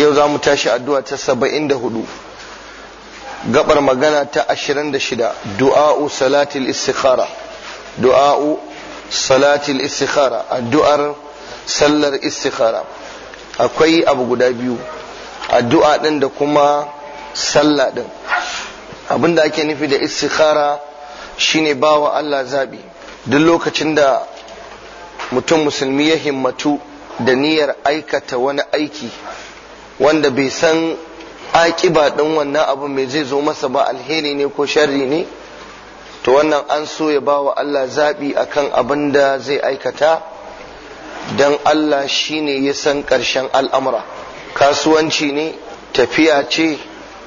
yau za mu tashi addu'a ta saba'in da hudu gabar magana ta ashirin da shida du'a'u salatil istikhara du'a'u salatil istikhara addu'ar sallar istikhara akwai abu guda biyu addu'a ɗin da kuma sallah ɗin abinda ake nufi da istikhara shine bawa Allah zaɓi duk lokacin da mutum musulmi ya himmatu da niyyar aikata wani aiki wanda bai san aƙiba ɗin wannan abin mai zai zo masa ba alheri ne ko sharri ne to wannan an so ya ba wa Allah zaɓi a kan abin da zai aikata don Allah shi ne ya san ƙarshen al'amura kasuwanci ne tafiya ce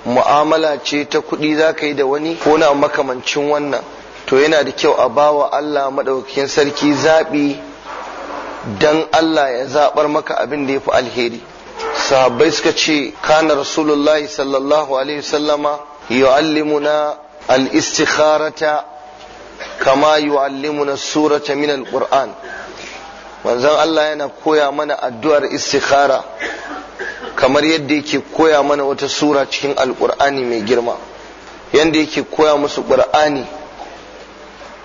mu'amala ce ta kuɗi za ka yi da wani ko na makamancin wannan to yana da kyau a ba wa Allah maɗaukakin sarki zaɓi don Allah ya zaɓar maka abin da ya fi alheri sahabbai suka ce kana rasulullahi sallallahu alaihi wasallama yu'allimuna al-istikharata kama yu'allimuna surata min al-qur'an manzon Allah yana koya mana addu'ar istikhara kamar yadda yake koya mana wata sura cikin alkur'ani mai girma yadda yake koya musu qur'ani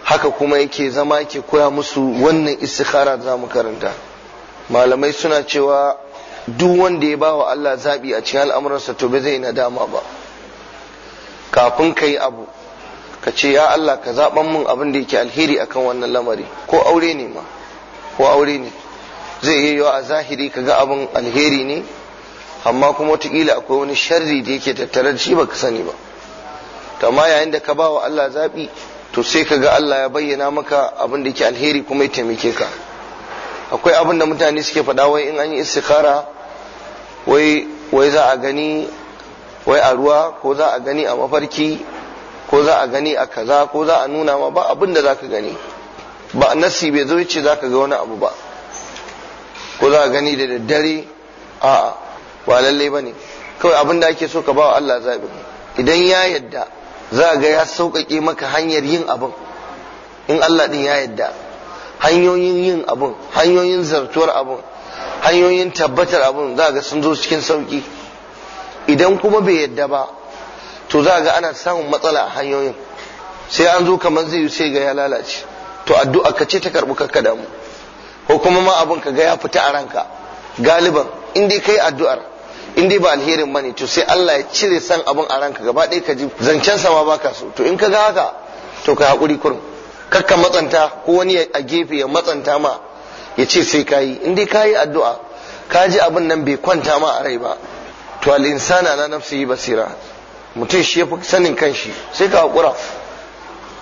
haka kuma yake zama yake koya musu wannan istikhara za mu karanta malamai suna cewa duk wanda ya ba wa Allah zaɓi a cikin al'amuransa to bai zai nadama ba kafin ka yi abu ka ce ya Allah ka zaɓan mun abin da yake alheri akan wannan lamari ko aure ne ma ko aure ne zai yi yawa a zahiri ka ga abin alheri ne amma kuma wataƙila akwai wani sharri da yake tattare da shi baka sani ba amma yayin da ka ba wa Allah zaɓi to sai ka ga Allah ya bayyana maka abin da yake alheri kuma ya taimake ka akwai abin da mutane suke faɗa wai in an yi istikhara wai za a gani wai a ruwa ko za a gani a mafarki ko za a gani a kaza ko za a nuna ma ba abin da za ka gani ba nasi bai zo ce za ka ga wani abu ba ko za a gani da daddare a ba lalle ba ne kawai abin da ake so ka ba wa Allah zaɓi idan ya yadda za a ga ya sauƙaƙe maka hanyar yin abin in Allah ɗin ya yadda hanyoyin yin abin hanyoyin zartuwar abin hanyoyin tabbatar abun za ga sun zo cikin sauki idan kuma bai yadda ba to za ga ana samun matsala a hanyoyin sai an zo kamar zai yi sai ga ya lalace to addu'a ka ce ta karbu kakka damu ko kuma ma abun ka ga ya fita a ranka galiban in dai kai addu'ar in dai ba alherin bane to sai Allah ya cire san abin a ranka gaba ɗaya ka ji zancen sa ma baka so to in ka ga haka to ka hakuri kurum kakka matsanta ko wani a gefe ya matsanta ma ya ce sai yi, in dai yi addu'a ka ji abin nan bai kwanta ma a rai ba to al'insana na nafsi yi basira mutum shi ya fi sanin shi sai ka haƙura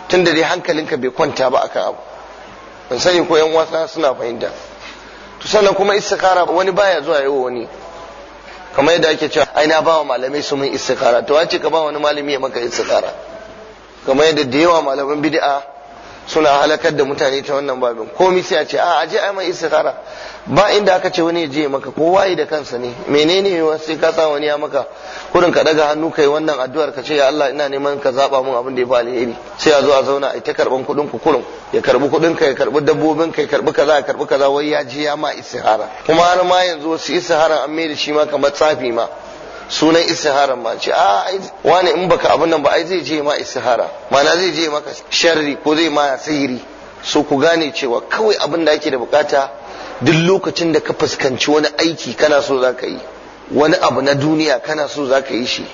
tun da dai hankalinka bai kwanta ba akan abu ban sani ko yan wasa suna fahimta to sannan kuma istikara wani baya zuwa yawo wani kamar yadda ake cewa ai na bawa malamai su mun istikara to wace ka ba wani malami ya maka istikara kamar yadda da yawa malaman bid'a suna halakar da mutane ta wannan babin komai sai a ce a aje a mai istikhara ba inda aka ce wani ya je maka ko kowa da kansa ne menene ne sai ka sa wani ya maka kurin ka daga hannu kai wannan addu'ar ka ce ya Allah ina neman ka zaba mun abin da ya ba alheri sai a zo a zauna a ta karban kudin ku kurum ya karbi kudin ka ya karbi dabbobin ka ya karbi kaza ya karbi kaza wai ya je ya ma istikhara kuma har ma yanzu wasu istikhara an mai da shi ma kamar tsafi ma sunan istiharan ma ce a ah, wani in baka abin nan ba ai zai je ma istihara mana zai je maka sharri ko zai ma sihiri so ku gane cewa kawai abin da ake da bukata duk lokacin da ka fuskanci wani aiki kana so za ka yi wani abu na duniya kana so za ka yi shi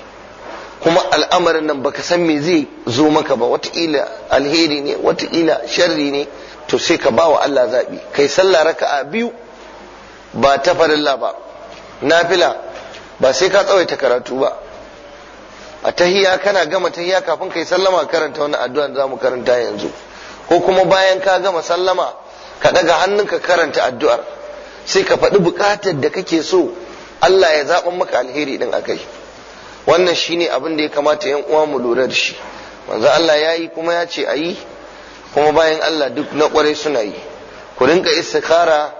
kuma al'amarin nan baka san me zai zo maka ba wataƙila alheri ne wataƙila sharri ne to sai ka ba wa Allah zaɓi kai sallah raka'a biyu ba ta farilla ba nafila ba sai ka tsawaita karatu ba a tahiya kana gama tahiya kafin ka yi sallama karanta wani addu'a za mu karanta yanzu ko kuma bayan ka gama sallama ka daga hannunka karanta addu'ar sai ka faɗi buƙatar da kake so Allah ya zaɓa maka alheri ɗin akai wannan shine abin da ya kamata yan uwa mu lura da shi manzo Allah ya yi kuma ya ce a yi kuma bayan Allah duk na kwarai suna yi ku rinka istikhara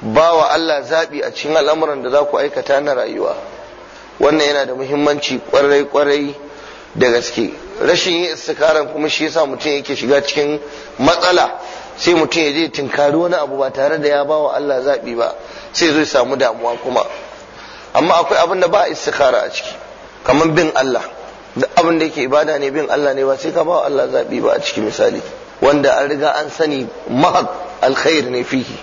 ba wa Allah zaɓi a cikin al'amuran da za ku aikata na rayuwa wannan yana da muhimmanci kwarai kwarai da gaske rashin yin istikaran kuma shi yasa mutum yake shiga cikin matsala sai mutum ya je tinkari wani abu ba tare da ya bawa Allah zaɓi ba sai zai samu damuwa kuma amma akwai abin da ba istikara a ciki kamar bin Allah da abin da yake ibada ne bin Allah ne ba sai ka bawa Allah zaɓi ba a ciki misali wanda an riga an sani mahak alkhair ne fihi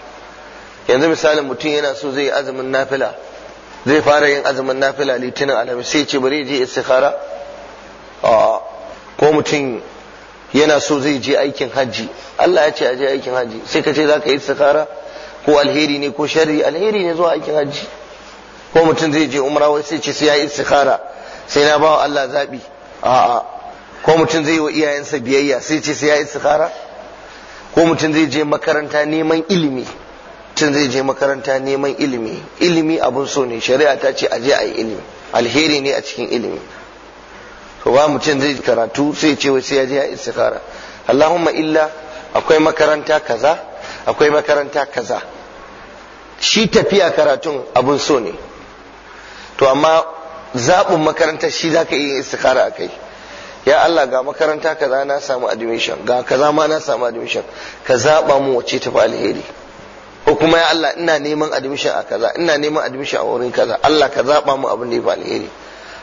yanzu misalin mutum yana so zai azumin nafila zai fara yin azumin nafila litinin alhamis sai ce bari je istikhara a ko mutum yana so zai je aikin hajji Allah ya ce a je aikin hajji sai ka ce za ka yi istikhara ko alheri ne ko sharri alheri ne zuwa aikin hajji ko mutum zai je umra wai sai ce sai ya yi istikhara sai na ba Allah zabi a'a ko mutum zai yi wa iyayensa biyayya sai ce sai ya yi istikhara ko mutum zai je makaranta neman ilimi tun zai je makaranta neman ilimi ilimi abun so ne shari'a ta ce aje a yi ilimi alheri ne a cikin ilimi to ba mutum zai karatu sai ce wai sai ya je istikhara Allahumma illa akwai makaranta kaza akwai makaranta kaza shi tafiya karatun abun so ne to amma zaɓin makaranta shi za ka yi istikhara a kai ya Allah ga makaranta kaza na samu admission ga kaza ma na samu admission ka zaɓa mu wacce tafi alheri ko kuma ya Allah ina neman admission a kaza ina neman admission a wurin kaza Allah ka zaba mu abin da ya fi alheri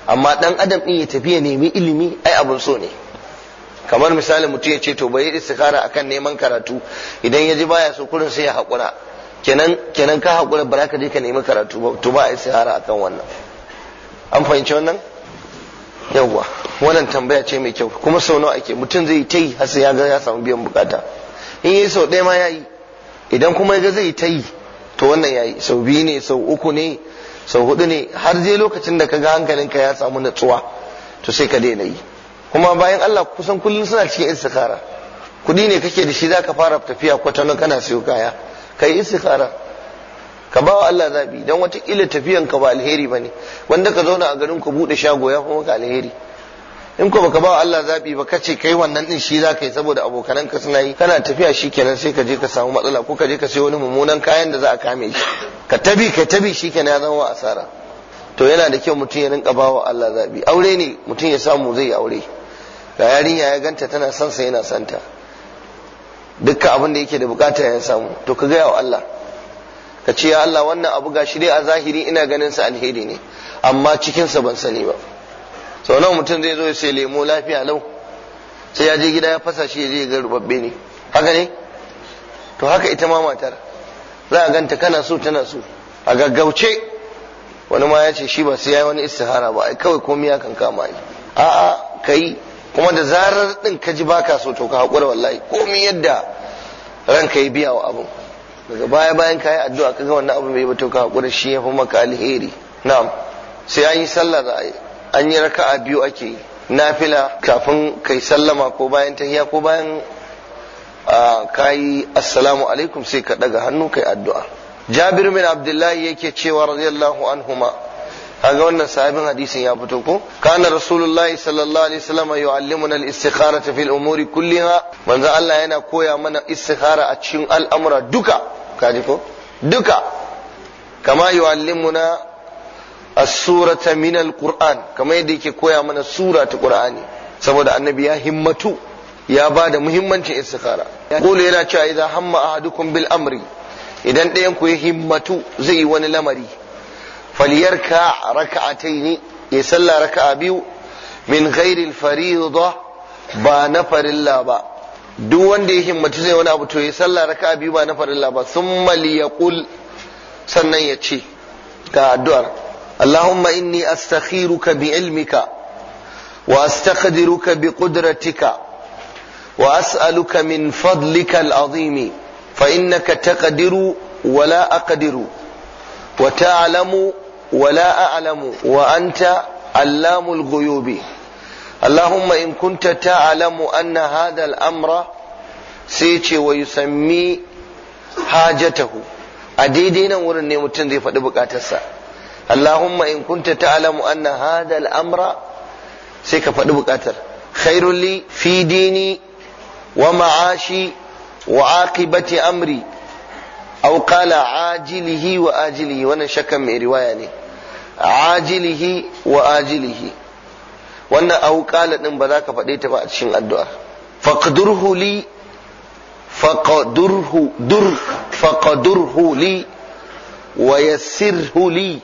amma dan adam din ya tafiya nemi ilimi ai abun so ne kamar misali mutum ya ce to bai istikara akan neman karatu idan ya ji baya so kurin sai ya hakura kenan kenan ka hakura ba ka je ka nemi karatu ba to ba istikara akan wannan an fahimci wannan yawwa wannan tambaya ce mai kyau kuma sau nawa ake mutum zai ta yi har sai ya ga ya samu biyan bukata in yi sau ɗaya ma ya yi idan kuma ga zai ta yi to wannan ya yi, sau biyu ne sau uku ne sau hudu ne har zai lokacin da kaga hankalinka ya samu natsuwa to sai ka daina yi kuma bayan Allah kusan kullum suna cikin istikhara kudi ne kake da shi zaka fara tafiya kwatano kana siyo kaya kai istikhara ka ba wa Allah zabi dan wata kila tafiyan ba alheri bane wanda ka zauna a garin ku buɗe shago ya fi maka alheri in ko baka ba Allah zabi ba kace kai wannan din shi zaka yi saboda abokanan ka suna yi kana tafiya shikenan sai ka je ka samu matsala ko ka je ka sayo wani mummunan kayan da za a kame shi ka tabi ka tabi shikenan ya zama asara to yana da kyau mutum ya rinka bawa Allah zabi aure ne mutum ya samu zai yi aure ga yarinya ya ganta tana son sa yana santa. ta dukkan abin da yake da bukata ya samu to ka gaya wa Allah ka ce ya Allah wannan abu gashi dai a zahiri ina ganin sa alheri ne amma cikin sa ban sani ba sau nawa mutum zai zo ya sai lemo lafiya lau sai ya je gida ya fasa shi ya ga rubabbe ne haka ne to haka ita ma matar za a ganta kana so tana so a gaggauce wani ma ya ce shi ba sai ya yi wani istihara ba ai kawai komai ya kan kama yi a'a kai kuma da zarar din ka ji baka so to ka haƙura wallahi komai yadda ranka ya biya wa abin daga baya bayan ka yi addu'a ka ga wannan abu bai ba to ka haƙura shi ya fi maka alheri na'am sai an yi sallah za a yi an yi raka'a biyu ake yi nafila kafin kai sallama ko bayan tahiya ko bayan kayi assalamu alaikum sai ka daga hannu kai addu'a jabir min abdullahi yake cewa radiyallahu anhuma kaga wannan sahabin hadisin ya fito ko kana rasulullahi sallallahu alaihi wasallam yu'allimuna al-istikhara fil umuri kulliha manzo Allah yana koya mana istikhara a cikin al'amura duka kaji ko duka kama yu'allimuna as-surata min quran kamar yadda yake koya mana sura ta qur'ani saboda annabi ya himmatu ya ba da muhimmancin istikhara qulu yana cewa idan hamma ahadukum bil amri idan ɗayan ku ya himmatu zai yi wani lamari falyarka raka'ataini ya salla raka'a biyu min ghairi al-fariida ba na farilla ba duk wanda ya himmatu zai wani abu to ya salla raka'a biyu ba na farilla ba summa liyaqul sannan ya ce ga addu'ar اللهم إني أستخيرك بعلمك وأستقدرك بقدرتك وأسألك من فضلك العظيم فإنك تقدر ولا أقدر وتعلم ولا أعلم وأنت علام الغيوب اللهم إن كنت تعلم أن هذا الأمر سيتي ويسمي حاجته أديدين ورن نمتن ذي فدبك أتسأل Allahumma in kunta ta'lamu anna hadha amra sai ka faɗi buƙatar khairul li fi dini wa ma'ashi wa aqibati amri aw qala ajilihi wa wannan shakkan mai riwaya ne ajilihi wa ajilihi wannan aw qala din ba za ka faɗe ta ba a cikin addu'ar. faqdurhu li faqdurhu li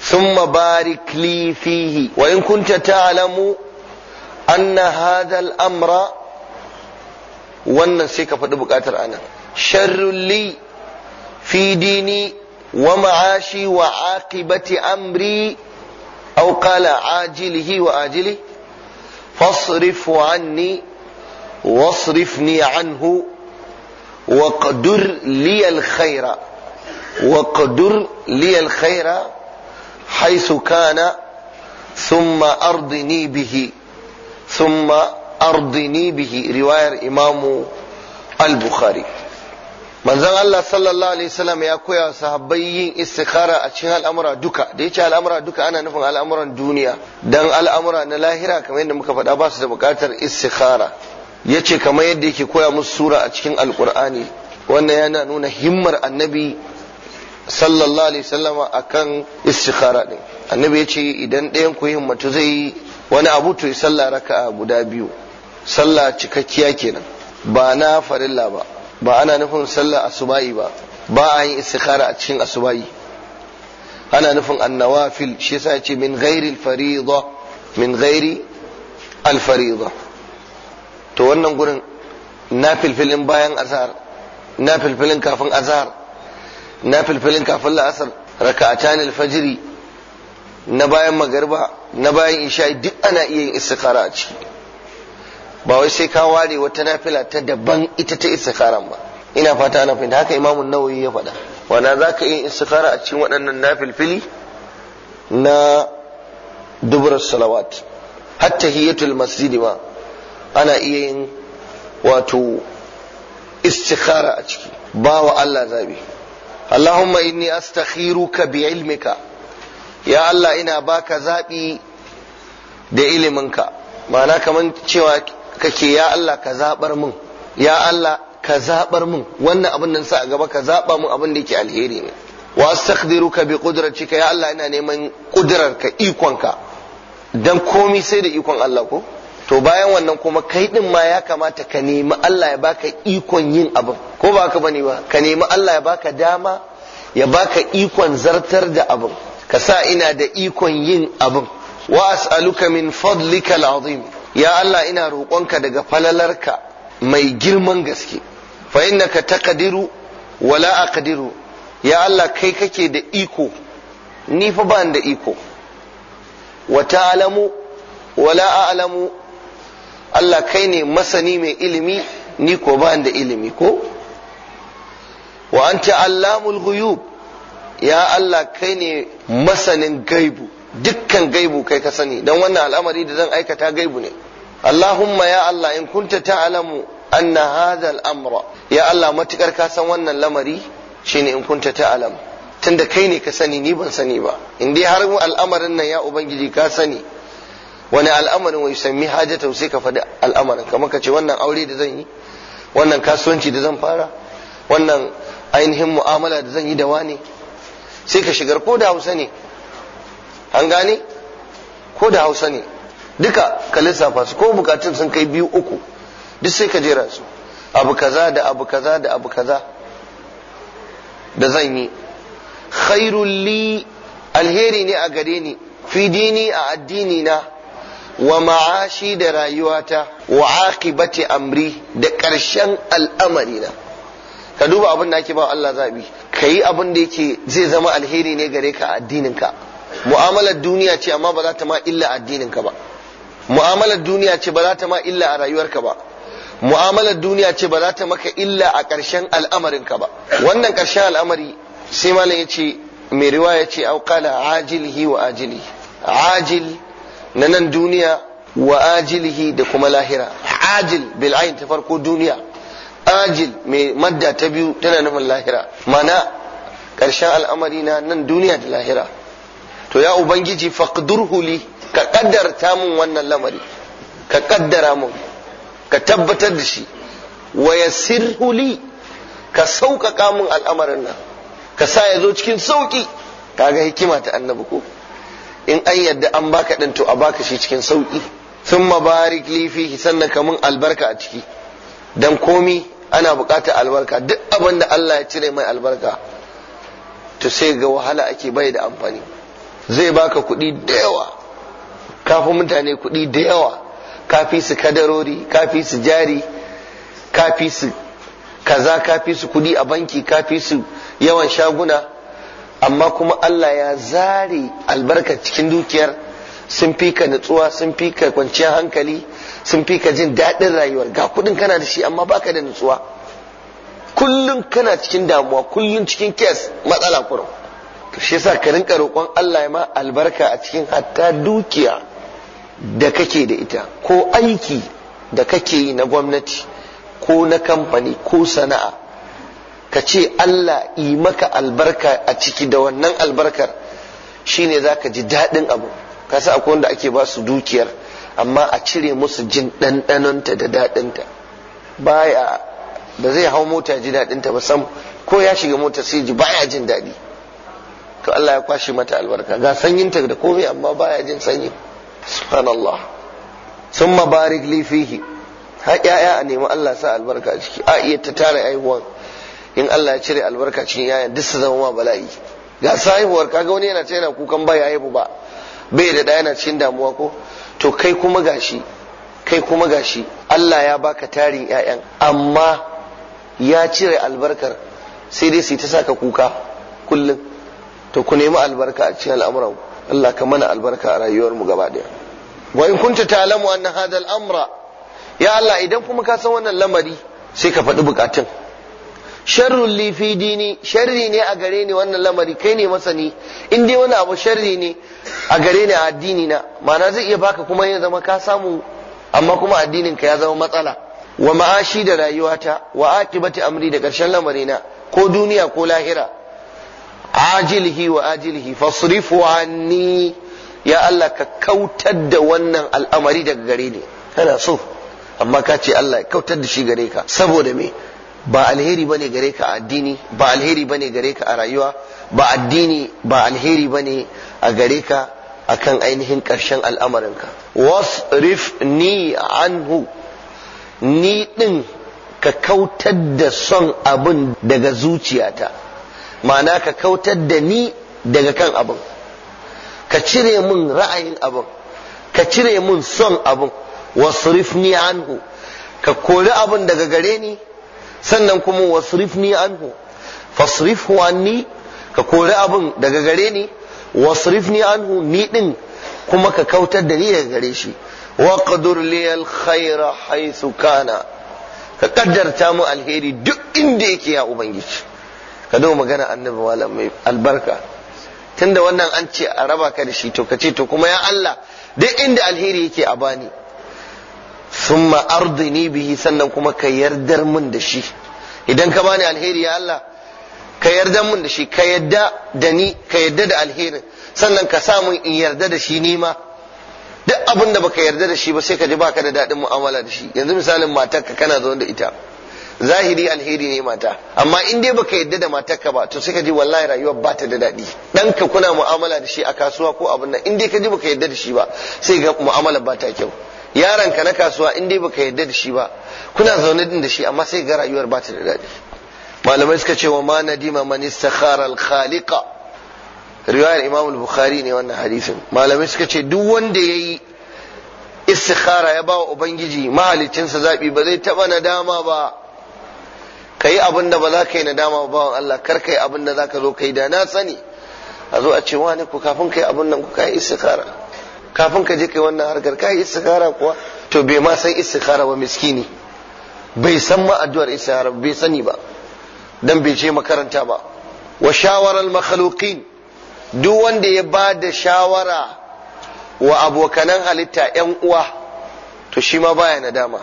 ثم بارك لي فيه وإن ta alamu أن هذا الأمر wannan sai ka faɗi buƙatar anan sharrulli fi dini wa ma'ashi wa aqibati amri aw qala ajilihi wa ajili fasrif anni wasrifni anhu waqdur li alkhaira waqdur li حيث كان ثم أرضني به ثم أرضني به رواية إمام البخاري manzon Allah sallallahu alaihi wasallam ya koya sahabbai yin istikhara a cikin al'amura duka da yace al'amura duka ana nufin al'amuran duniya dan al'amura na lahira kamar yadda muka faɗa ba su da buƙatar istikhara yace kamar yadda yake koya musu sura a cikin alqur'ani wannan yana nuna himmar annabi sallallahu alaihi sallama akan istikhara din annabi yace idan ɗayan ku mutu zai yi wani abu to sallah raka'a guda biyu sallah cikakkiya kenan ba na farilla ba ba ana nufin sallah asuba'i ba ba a yin istikhara a cikin asuba'i ana nufin annawafil shi yasa yace ce min ghairi al-fariḍa min ghairi al-fariḍa to wannan gurin na bayan azhar na kafin azhar na filfilin kafin la'asar raka'atan alfajiri na bayan magarba na bayan isha duk ana iya yin istikhara a ciki ba wai sai ka ware wata nafila ta daban ita ta istikharan ba ina fata ana fahimta haka imamu nawawi ya faɗa wana za ka yi istikhara a cikin waɗannan nafilfili na dubrar salawat hatta hiyatul masjidi ma ana iya yin wato istikhara a ciki ba wa Allah zabi Allahumma inni astakhiruka bi ilmika ya Allah ina baka zaɓi da iliminka ma'ana kamar cewa kake ya Allah ka zaɓar mun ya Allah ka zaɓar mun wannan abin nan sa a gaba ka zaɓa mun abin da yake alheri ne wa astakhiruka bi qudratika ya Allah ina neman ƙudurarka ikonka dan komi sai da ikon Allah ko to bayan wannan kuma kai din ma ya kamata ka nemi Allah ya baka ikon yin abin ko ba ka bane ba ka nemi Allah ya baka dama ya baka ikon zartar da abin ka sa ina da ikon yin abin wa as'aluka min fadlika al'azim ya Allah ina roƙonka daga falalarka mai girman gaske fa innaka taqdiru wa la aqdiru ya Allah kai kake da iko ni fa ba da iko wa ta'lamu wa la a'lamu Allah kai ne masani mai ilimi ni ko ba da ilimi ko wa anta allamul ghuyub ya Allah kai ne masanin gaibu dukkan gaibu kai ka sani dan wannan al'amari da zan aikata gaibu ne Allahumma ya Allah in kunta ta'lamu anna hadha al-amra ya Allah matukar ka san wannan lamari shine in kunta ta'lamu tunda kai ne ka sani ni ban sani ba in dai har al'amarin nan ya ubangiji ka sani wani al'amarin wai sami hajjata sai ka faɗi al'amarin kamar ka ce wannan aure da zan yi wannan kasuwanci da zan fara wannan ainihin mu'amala da zan yi da wani sai ka shigar ko da hausa ne an gane ko da hausa ne duka ka lissafa su ko bukatun sun kai biyu uku duk sai ka jera su abu kaza da abu kaza da abu kaza da zan yi khairul li alheri ne a gare ni fi dini a addini na wa ma'ashi da rayuwata wa aqibati amri da ƙarshen al'amarina ka duba abin da ake ba Allah zabi ka yi abin da yake zai zama alheri ne gare ka a addininka mu'amalar duniya ce amma ba za ta ma illa addininka ba mu'amalar duniya ce ba za ta ma illa a rayuwarka ba mu'amalar duniya ce ba za ta maka illa a ƙarshen al'amarinka ba wannan ƙarshen al'amari sai malam ya ce mai riwaya ce au qala ajilhi wa ajili ajil na nan duniya wa ajilihi da kuma lahira ajil bil ayin ta farko duniya ajil mai madda ta biyu tana nufin lahira mana ƙarshen al'amari na nan duniya da lahira to ya ubangiji faqdurhu li ka kaddarta mun wannan lamari ka kaddara mun ka tabbatar da shi wa yassirhu li ka sauƙaƙa mun al'amarin nan ka sa ya zo cikin sauƙi kaga hikima ta annabi ko in an yadda an baka ɗin to a baka shi cikin sauki thumma barik li sannan kamun albarka a ciki dan komi ana buƙatar albarka duk abin da Allah ya cire mai albarka to sai ga wahala ake bai da amfani zai baka kuɗi da yawa kafin mutane kuɗi da yawa kafi su kadarori kafi su jari kafi su kaza kafi su kuɗi a banki kafi su yawan shaguna amma kuma Allah ya zare albarka cikin dukiyar sun fi ka nutsuwa sun fi ka kwanciyar hankali sun fi ka jin daɗin rayuwar ga kuɗin kana da shi amma baka da nutsuwa kullum kana cikin damuwa kullum cikin kes matsala kurum to shi yasa ka rinka roƙon Allah ya ma albarka a cikin hatta dukiya da kake da ita ko aiki da kake yi na gwamnati ko na kamfani ko sana'a ka ce Allah yi maka albarka a ciki da wannan albarkar shine za ka ji daɗin abu ka sa akwai wanda ake ba su dukiyar amma a cire musu jin ɗanɗanonta da daɗinta baya ba zai hau mota ji daɗinta ba sam ko ya shiga mota sai ji baya jin daɗi to Allah ya kwashe mata albarka ga sanyinta da komai amma baya jin sanyi subhanallah summa barik li fihi ya'ya a nemi Allah sa albarka a ciki a iya ta tara aihuwan in Allah ya cire albarka cikin yayan duk su zama ma bala'i ga sahihuwar kaga wani yana yana kukan ba ya haihu ba bai da yana cikin damuwa ko to kai kuma gashi kai kuma gashi Allah ya baka tarin yayan amma ya cire albarkar sai dai su ta saka kuka kullum to ku nemi albarka a cikin al'amuran Allah ka mana albarka a rayuwar mu gaba daya wa in kunta ta'lamu anna hadha al-amra ya Allah idan kuma ka san wannan lamari sai ka faɗi bukatun sharrun li dini sharri ne a gare ni wannan lamari kai ne masani in dai wani abu sharri ne a gare ni a addini na ma'ana zai iya baka kuma ya zama ka samu amma kuma addinin ka ya zama matsala wa ma'ashi da rayuwata wa akibati amri da karshen lamari na ko duniya ko lahira ajilhi wa ajilhi fasrifu anni ya Allah ka kautar da wannan al'amari daga gare ni kana so amma ka ce Allah ya kautar da shi gare ka saboda me ba alheri bane gare ka a addini ba alheri bane gare ka a rayuwa ba addini ba alheri bane a gare ka akan ainihin ƙarshen al'amarinka wasrif ni anhu ni ɗin ka kautar da son abin daga zuciyata ma'ana ka kautar da ni daga kan abin ka cire min ra'ayin abin ka cire min son abin wasrif ni anhu ka kori abin daga gare ni sannan kuma wasrifni anhu fasrifhu anni ka kori abin daga gare ni wasrifni anhu ni din kuma ka kautar da ni daga gare shi wa qadur li al haythu kana ka kaddarta mu alheri duk inda yake ya ubangiji ka dawo magana annabi malam mai albarka tunda wannan an ce a raba ka da shi to ka ce to kuma ya Allah duk inda alheri yake a bani summa ardini bihi sannan kuma ka yardar mun da shi idan ka bani alheri ya Allah ka yarda mun da shi ka yadda da ni ka yarda da alheri sannan ka sa mun in yarda da shi ni ma duk abin da baka yarda da shi ba sai ka ji baka da daɗin mu'amala da shi yanzu misalin matarka kana zaune da ita zahiri alheri ne mata amma in dai baka yarda da matarka ba to sai ka ji wallahi rayuwar ba ta da daɗi dan ka kuna mu'amala da shi a kasuwa ko abin nan in dai ka ji baka yarda da shi ba sai ga mu'amala ba ta kyau yaron ka na kasuwa in dai baka yarda da shi ba kuna zaune din da shi amma sai ga rayuwar ba ta da daɗi malamai suka ce wa ma nadima man istakhara al khaliqa riwayar imam al-bukhari ne wannan hadisin malamai suka ce duk wanda yayi istikhara ya bawa ubangiji mahalicinsa zabi ba zai taba nadama ba kai abin da ba za ka yi nadama ba bawan Allah kar kai abin da za ka zo kai da na sani a zo a ce wani ku kafin kai abin nan ku kai istikhara kafin ka je kai wannan harkar kayi istikhara kuwa to bai ma san istikhara ba miskini bai san ma addu'ar istikhara bai sani ba dan bai je makaranta ba wa shawaral makhluqin duk wanda ya ba da shawara wa abokanan halitta yan uwa to shi ma baya nadama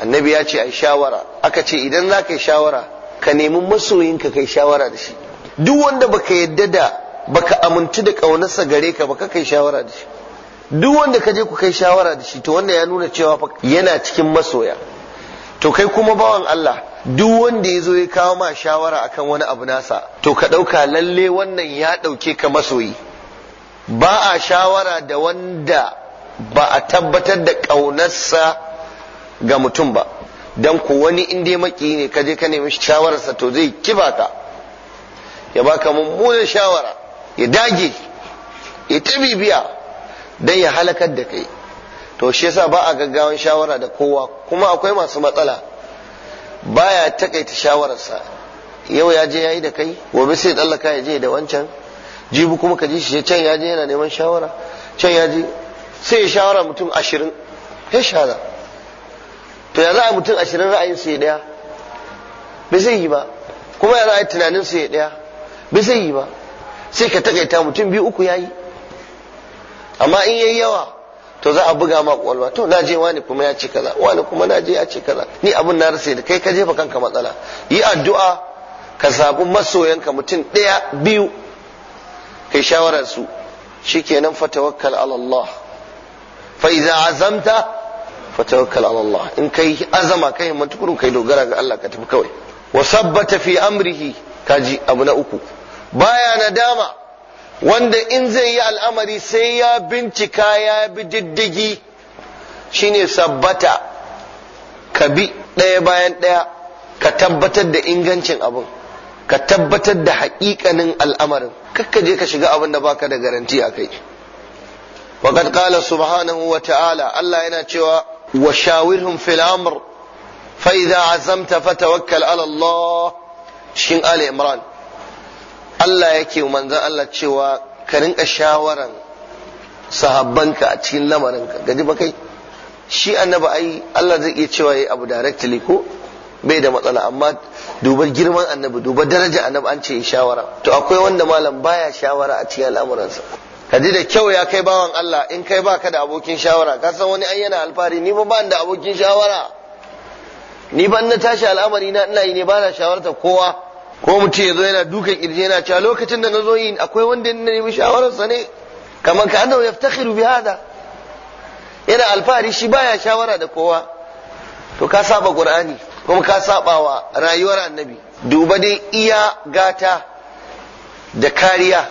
annabi ya ce ai shawara aka ce idan za ka yi shawara ka nemi masoyinka kai shawara da shi duk wanda baka yadda da baka amintu da ƙaunarsa gare ka baka kai shawara da shi duk wanda ka je ku kai shawara da shi to wanda ya nuna cewa yana cikin masoya to kai kuma bawan Allah duk wanda ya zo ya kawo ma shawara akan wani abu nasa to ka ɗauka lalle wannan ya ɗauke ka masoyi ba a shawara da wanda ba a tabbatar da ƙaunarsa ga mutum ba don ku wani in ya maki ne ka je ka nemi shawararsa to zai kiba ka ya baka mummunan shawara ya dage ya ta biya dan ya halakar da kai to shi yasa ba a gaggawan shawara da kowa kuma akwai masu matsala baya takaita shawararsa yau ya je yayi da kai gobe sai tsallaka ya je da wancan jibu kuma ka ji shi can ya je yana neman shawara can ya je sai ya shawara mutum ashirin ya shara to ya za a mutum ashirin ra'ayin sai ya daya bai sai yi ba kuma ya za a yi tunanin sai ya daya bai sai yi ba sai ka takaita mutum biyu uku ya yi amma in yayi yawa to za a buga ma kwalwa to na je wani kuma ya ce kaza wani kuma na je ya ce kaza ni abin na rasa kai ka jefa kanka matsala yi addu'a ka sabu masoyanka mutum ɗaya biyu kai shawarar su shikenan tawakkal ala Allah fa idza azamta tawakkal ala Allah in kai azama kai himmatu kai dogara ga Allah ka tafi kawai wa sabbata fi amrihi kaji abu na uku baya nadama wanda in zai yi al'amari sai ya bincika ya bi diddigi shine sabbata ka bi ɗaya bayan ɗaya ka tabbatar da ingancin abin ka tabbatar da haƙiƙanin al'amarin kakka je ka shiga abin da baka da garanti a kai wa ta'ala Allah yana cewa wa shawirin وشاورهم في الأمر فإذا عزمت فتوكل على Allah شين Ali Imran Allah yake manzan Allah cewa ka rinka shawaran sahabbanka a cikin lamarinka gaji ba kai shi annaba ai Allah zai iya cewa yayi abu directly ko bai da matsala amma duba girman annabi duba daraja annabi an ce shawara to akwai wanda malam baya shawara a cikin al'amuransa kaji da kyau ya kai bawan Allah in kai baka da abokin shawara ka san wani an yana alfahari ni ba ban da abokin shawara ni ban na tashi al'amari na ina yi ne ba na shawarta kowa ko mutum ya zo yana dukan kirje yana cewa lokacin da na zo yin akwai wanda na nemi shawararsa ne kamar ka annahu yaftakhiru bi hada yana alfahari shi baya shawara da kowa to ka saba qur'ani kuma ka saba wa rayuwar annabi duba dai iya gata da kariya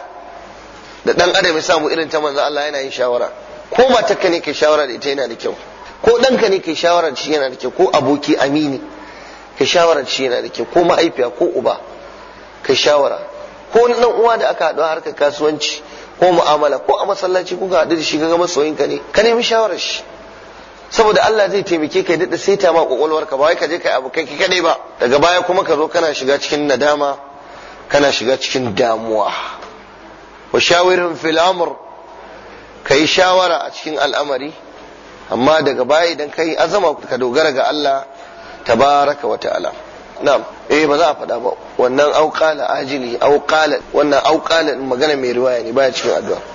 da dan adam ya samu irin ta manzo Allah yana yin shawara ko matarka ne shawara da ita yana da kyau ko ɗanka ne ke shawara da shi yana da kyau ko aboki amini ke shawara da shi yana da kyau ko mahaifiya ko uba Kai shawara ko wani dan uwa da aka haɗu a harkar kasuwanci ko mu'amala ko a masallaci kuka haɗu da shi kaga masoyinka ne ka nemi shawarar shi saboda Allah zai taimake ka daɗa saita ma kwakwalwarka ba wai ka je ka abu kai kadai ba daga baya kuma ka zo kana shiga cikin nadama kana shiga cikin damuwa wa shawirin fil amr ka shawara a cikin al'amari amma daga baya idan ka azama ka dogara ga Allah tabaraka wa ta'ala na'am eh ba za a faɗa ba wannan auqala ajili auqala wannan auqala magana mai riwaya ne baya cikin addu'a